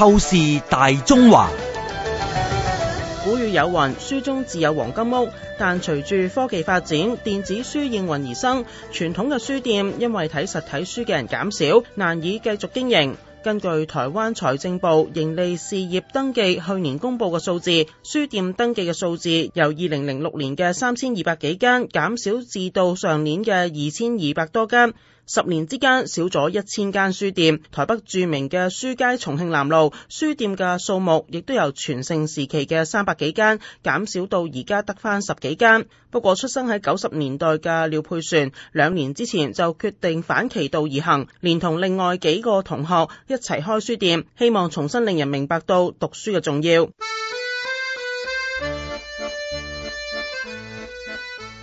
透視大中華，古語有云：書中自有黃金屋。但隨住科技發展，電子書應運而生，傳統嘅書店因為睇實體書嘅人減少，難以繼續經營。根據台灣財政部盈利事業登記去年公布嘅數字，書店登記嘅數字由二零零六年嘅三千二百幾間，減少至到上年嘅二千二百多間。十年之間少咗一千間書店，台北著名嘅書街重慶南路書店嘅數目，亦都由全盛時期嘅三百幾間減少到而家得返十幾間。不過出生喺九十年代嘅廖佩璇，兩年之前就決定反其道而行，連同另外幾個同學一齊開書店，希望重新令人明白到讀書嘅重要。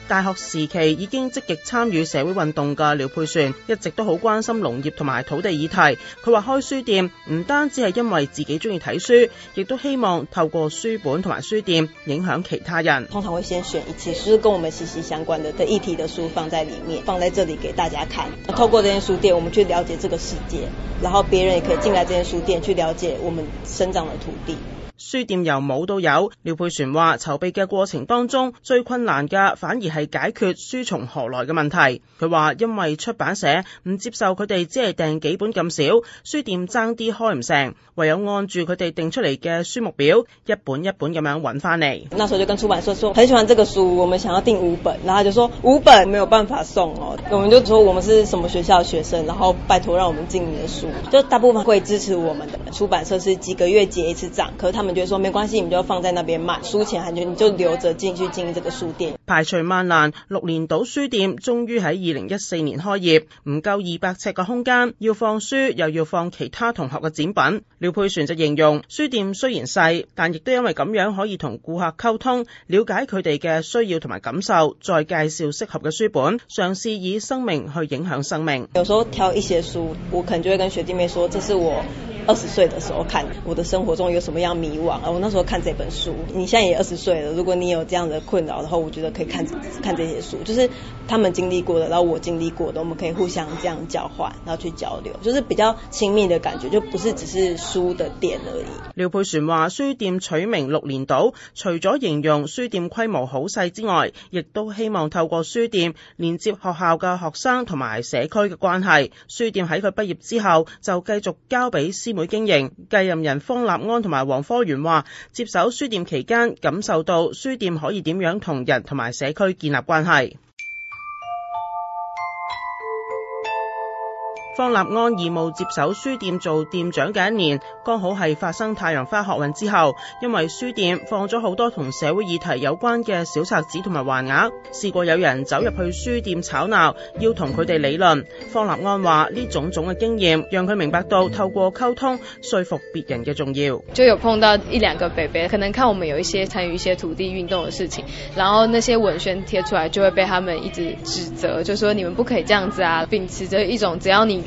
大學時期已經積極參與社會運動嘅廖佩璇，一直都好關心農業同埋土地議題。佢話開書店唔單止係因為自己中意睇書，亦都希望透過書本同埋書店影響其他人。通常會先選一些書跟我們息息相關的嘅議題的書放在裏面，放在這裏給大家看。透過這間書店，我們去了解這個世界，然後別人也可以進來這間書店去了解我們生長的土地。書店由冇到有，有，廖佩璇話籌備嘅過程當中最困難嘅反而係解決書從何來嘅問題。佢話因為出版社唔接受佢哋只係訂幾本咁少，書店爭啲開唔成，唯有按住佢哋訂出嚟嘅書目表一本一本咁樣揾翻嚟。那時候就跟出版社說很喜歡這個書，我們想要訂五本，然後就說五本沒有辦法送哦。我們就說我們是什麼學校的學生，然後拜託讓我們進你的書，就大部分會支持我們的。出版社是幾個月結一次賬，可他覺得說沒關係，你們就放在那邊賣書錢，就你就留着進去經營這個書店。排除萬難，六年島書店終於喺二零一四年開業。唔夠二百尺嘅空間，要放書又要放其他同學嘅展品。廖佩璇就形容書店雖然細，但亦都因為咁樣可以同顧客溝通，了解佢哋嘅需要同埋感受，再介紹適合嘅書本，嘗試以生命去影響生命。有時候挑一些書，我可能就會跟學弟妹說，這是我二十歲的時候看，我的生活中有什麼樣迷。我那時候看這本書，你現在也二十歲了。如果你有這樣的困擾的話，我覺得可以看看這些書，就是他們經歷過的，然後我經歷過的，我們可以互相這樣交換，然後去交流，就是比較親密的感覺，就不是只是書的店而已。廖佩璇話，書店取名六年島，除咗形容書店規模好細之外，亦都希望透過書店連接學校嘅學生同埋社區嘅關係。書店喺佢畢業之後就繼續交俾師妹經營，繼任人方立安同埋黃科。原話接手書店期間，感受到書店可以點樣同人同埋社區建立關係。方立安義務接手書店做店長嘅一年，剛好係發生太陽花學運之後，因為書店放咗好多同社會議題有關嘅小冊子同埋橫額，試過有人走入去書店吵鬧，要同佢哋理論。方立安話：呢種種嘅經驗，讓佢明白到透過溝通說服別人嘅重要。就有碰到一兩個伯伯，可能看我們有一些參與一些土地運動嘅事情，然後那些文宣貼出來就會被他們一直指責，就說你們不可以這樣子啊，秉持着一種只要你。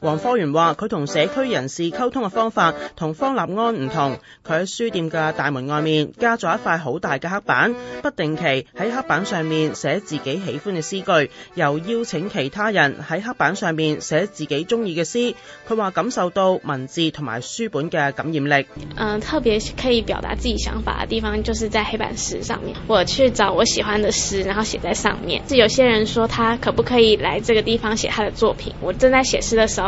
黃科員話：佢同社區人士溝通嘅方法同方立安唔同，佢喺書店嘅大門外面加咗一塊好大嘅黑板，不定期喺黑板上面寫自己喜歡嘅詩句，又邀請其他人喺黑板上面寫自己中意嘅詩。佢話感受到文字同埋書本嘅感染力、呃。嗯，特別可以表達自己想法嘅地方，就是在黑板詩上面。我去找我喜歡嘅詩，然後寫在上面。就有些人說，他可不可以來這個地方寫他的作品？我正在寫詩嘅時候。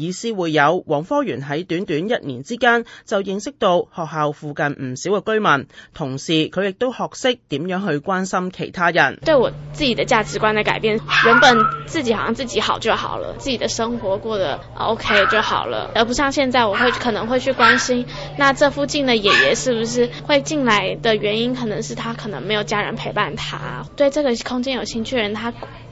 以師會友，黃科源喺短短一年之間就認識到學校附近唔少嘅居民，同時佢亦都學識點樣去關心其他人。對我自己的價值觀的改變，原本自己好像自己好就好了，自己的生活過得 OK 就好了，而不像現在，我會可能會去關心，那這附近的爺爺是不是會進來的原因，可能是他可能沒有家人陪伴他，對這個空間有興趣的人，他。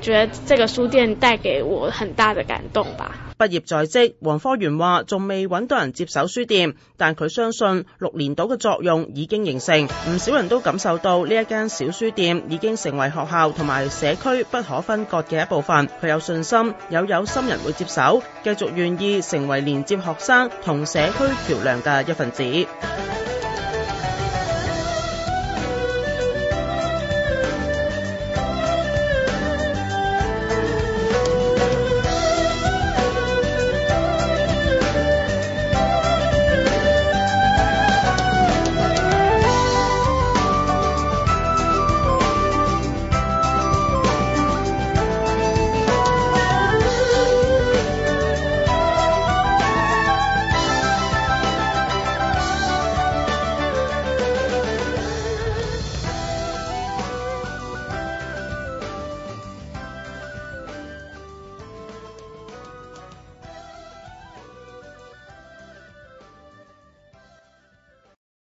覺得這個書店帶給我很大的感動吧。畢業在即，黃科員話仲未揾到人接手書店，但佢相信六年到嘅作用已經形成，唔少人都感受到呢一間小書店已經成為學校同埋社區不可分割嘅一部分。佢有信心有有心人會接手，繼續願意成為連接學生同社區橋樑嘅一份子。